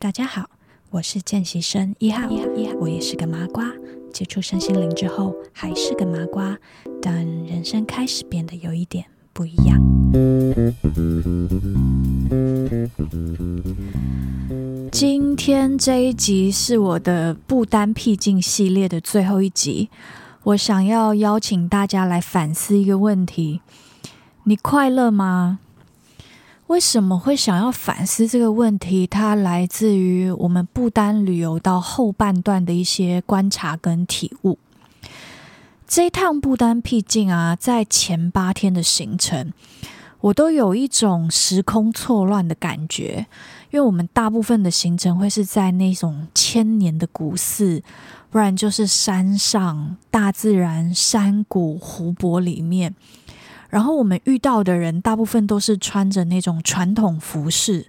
大家好，我是見習生一號，一號，一號，我也是個麻瓜。接觸身心靈之後，還是個麻瓜，但人生開始變得有一點不一樣。今天這一集是我的不丹僻靜系列的最後一集，我想要邀請大家來反思一個問題：你快樂嗎？為什麼會想要反思這個問題？它來自於我們不丹旅遊到後半段的一些觀察跟體悟。這一趟不丹僻境啊，在前八天的行程，我都有一種時空錯亂的感覺，因為我們大部分的行程會是在那種千年的古寺，不然就是山上、大自然、山谷、湖泊裡面。然後我們遇到的人大部分都是穿着那種傳統服飾，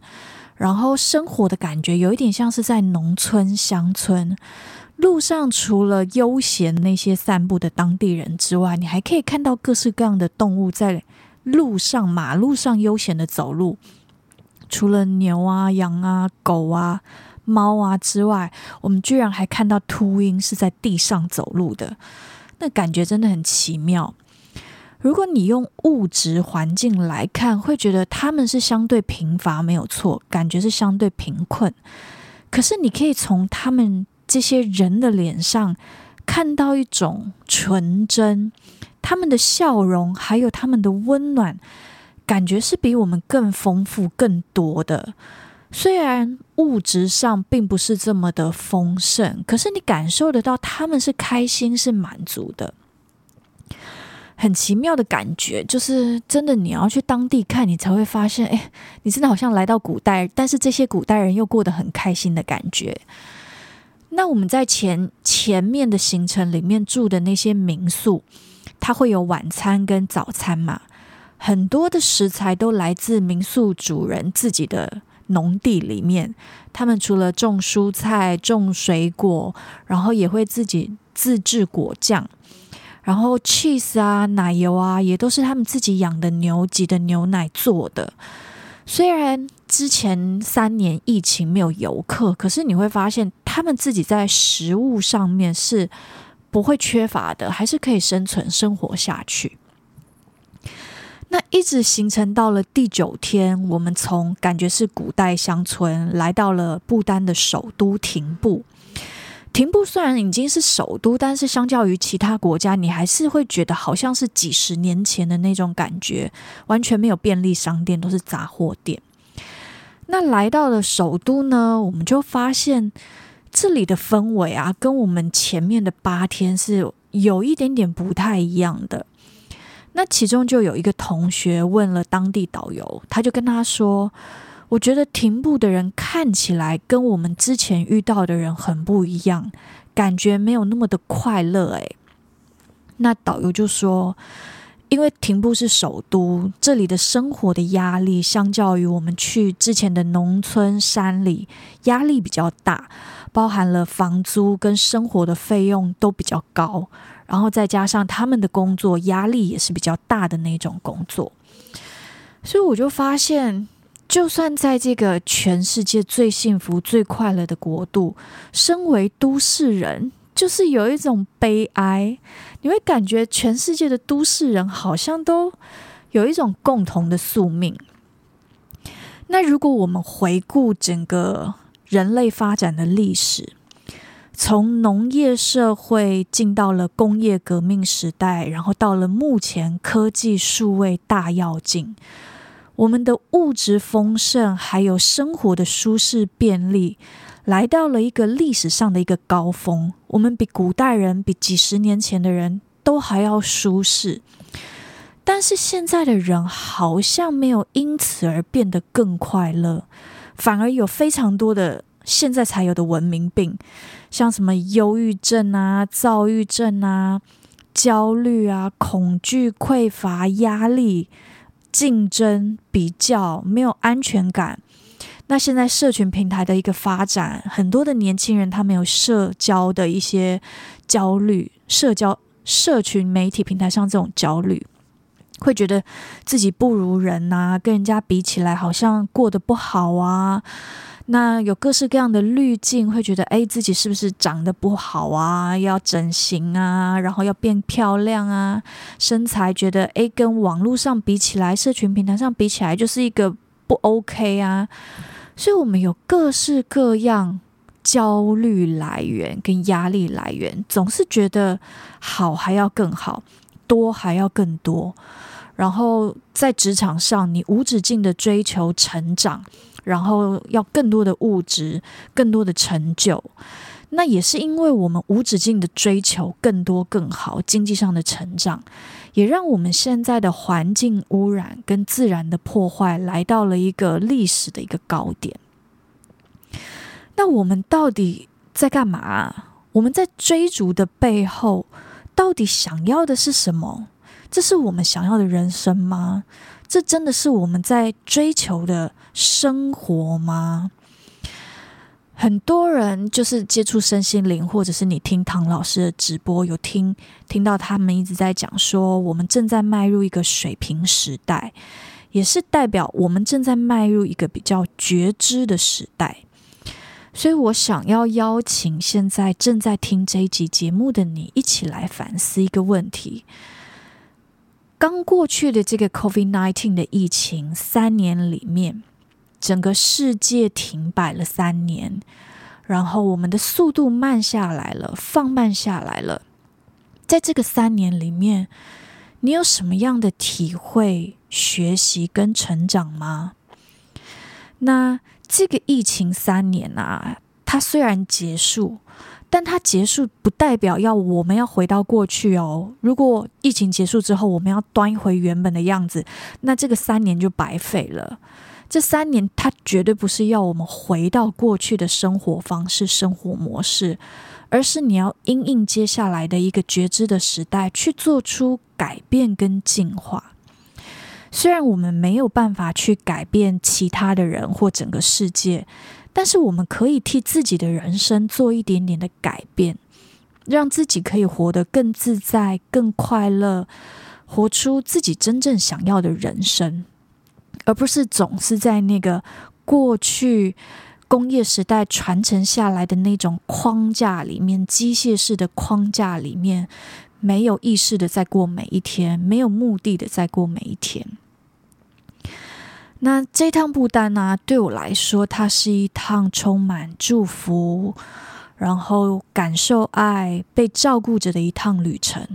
然後生活的感覺有一點像是在農村鄉村。路上除了悠閒那些散步的當地人之外，你還可以看到各式各樣的動物在路上、馬路上悠閒的走路。除了牛啊、羊啊、狗啊、貓啊之外，我們居然還看到禿鷹是在地上走路的。那感覺真的很奇妙。如果你用物質環境來看，會覺得他們是相對貧乏，沒有錯，感覺是相對貧困。可是你可以從他們這些人的臉上看到一種純真，他們的笑容，還有他們的溫暖，感覺是比我們更豐富、更多的。雖然物質上並不是這麼的豐盛，可是你感受得到他們是開心、是滿足的。很奇妙的感覺，就是真的你要去當地看，你才會發現，哎，你真的好像來到古代，但是這些古代人又過得很開心的感覺。那我們在前前面的行程裡面住的那些民宿，它會有晚餐跟早餐嘛，很多的食材都來自民宿主人自己的農地裡面，他們除了種蔬菜、種水果，然後也會自己自製果醬。然後，cheese 啊，奶油啊，也都是他們自己養的牛擠的牛奶做的。雖然之前三年疫情沒有遊客，可是你會發現他們自己在食物上面是不會缺乏的，還是可以生存生活下去。那一直行程到了第九天，我們從感覺是古代鄉村來到了不丹的首都廷布。廷布雖然已經是首都，但是相較於其他國家，你還是會覺得好像是幾十年前的那種感覺，完全沒有便利商店，都是雜貨店。那來到了首都呢，我們就發現這裡的氛圍啊，跟我們前面的八天是有一點點不太一樣的。那其中就有一個同學問了當地導遊，他就跟他說。我覺得廷布的人看起來跟我們之前遇到的人很不一樣，感覺沒有那麼的快樂。誒，那導遊就說，因為廷布是首都，這裡的生活的壓力相較於我們去之前的農村山裡壓力比較大，包含了房租跟生活的費用都比較高，然後再加上他們的工作壓力也是比較大的那種工作，所以我就發現。就算在這個全世界最幸福、最快樂的國度，身為都市人，就是有一種悲哀。你會感覺全世界的都市人好像都有一種共同的宿命。那如果我們回顧整個人類發展的歷史，從農業社會進到了工業革命時代，然後到了目前科技數位大躍進。我們的物質豐盛，還有生活的舒適便利，來到了一個歷史上的一個高峰。我們比古代人，比幾十年前的人都還要舒適，但是現在的人好像沒有因此而變得更快樂，反而有非常多的現在才有的文明病，像什麼憂鬱症啊、躁鬱症啊、焦慮啊、恐懼、匱乏、壓力。競爭比較沒有安全感，那現在社群平台的一個發展，很多的年輕人他們有社交的一些焦慮，社交、社群媒體平台上這種焦慮，會覺得自己不如人啊，跟人家比起來好像過得不好啊。那有各式各樣的濾鏡，會覺得哎、欸，自己是不是長得不好啊？要整形啊，然後要變漂亮啊，身材覺得哎、欸，跟網絡上比起來，社群平台上比起來，就是一個不 OK 啊。所以，我們有各式各樣焦慮來源跟壓力來源，總是覺得好還要更好，多還要更多。然後在職場上，你無止境的追求成長。然後要更多的物質，更多的成就，那也是因為我們無止境的追求更多更好，經濟上的成長，也讓我們現在的環境污染跟自然的破壞來到了一個歷史的一個高點。那我們到底在幹嘛？我們在追逐的背後，到底想要的是什麼？這是我們想要的人生嗎？這真的是我們在追求的生活嗎？很多人就是接觸身心靈，或者是你聽唐老師的直播，有聽聽到他們一直在講說，我們正在邁入一個水瓶時代，也是代表我們正在邁入一個比較覺知的時代。所以我想要邀請現在正在聽這一集節目的你，一起來反思一個問題。剛過去的這個 COVID-19 的疫情三年裡面，整個世界停擺了三年，然後我們的速度慢下來了，放慢下來了。在這個三年裡面，你有什麼樣的體會、學習跟成長嗎？那這個疫情三年啊，它雖然結束，但它結束不代表要我們要回到過去哦。如果疫情結束之後我們要端回原本的樣子，那這個三年就白費了。這三年它絕對不是要我們回到過去的生活方式、生活模式，而是你要因應接下來的一個覺知的時代去做出改變跟進化。雖然我們沒有辦法去改變其他的人或整個世界，但是我們可以替自己的人生做一點點的改變，讓自己可以活得更自在、更快樂，活出自己真正想要的人生，而不是總是在那個過去工業時代傳承下來的那種框架裡面、機械式的框架裡面，沒有意識的在過每一天，沒有目的的在過每一天。那這一趟不丹呢、啊，對我來說，它是一趟充滿祝福，然後感受愛、被照顧着的一趟旅程，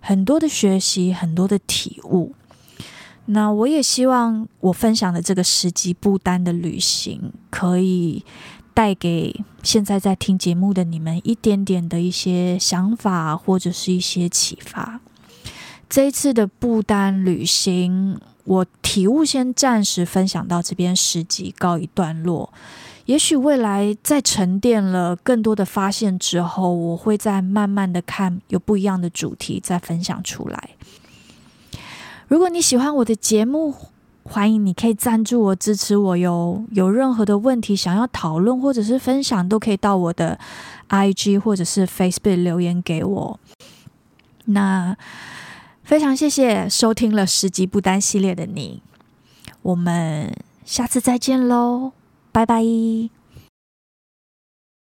很多的學習，很多的體悟。那我也希望我分享的這個十集不丹的旅行，可以帶給現在在聽節目的你們一點點的一些想法，或者是一些啟發。這一次的不丹旅行。我體悟先暫時分享到這邊十集，告一段落。也許未來在沉澱了更多的發現之後，我會再慢慢的看，有不一樣的主題再分享出來。如果你喜歡我的節目，歡迎你可以贊助我支持我喲。有任何的問題想要討論或者是分享，都可以到我的 IG 或者是 Facebook 留言給我。那。非常謝謝收聽了十集不丹系列的你，我們下次再見嘍，拜拜。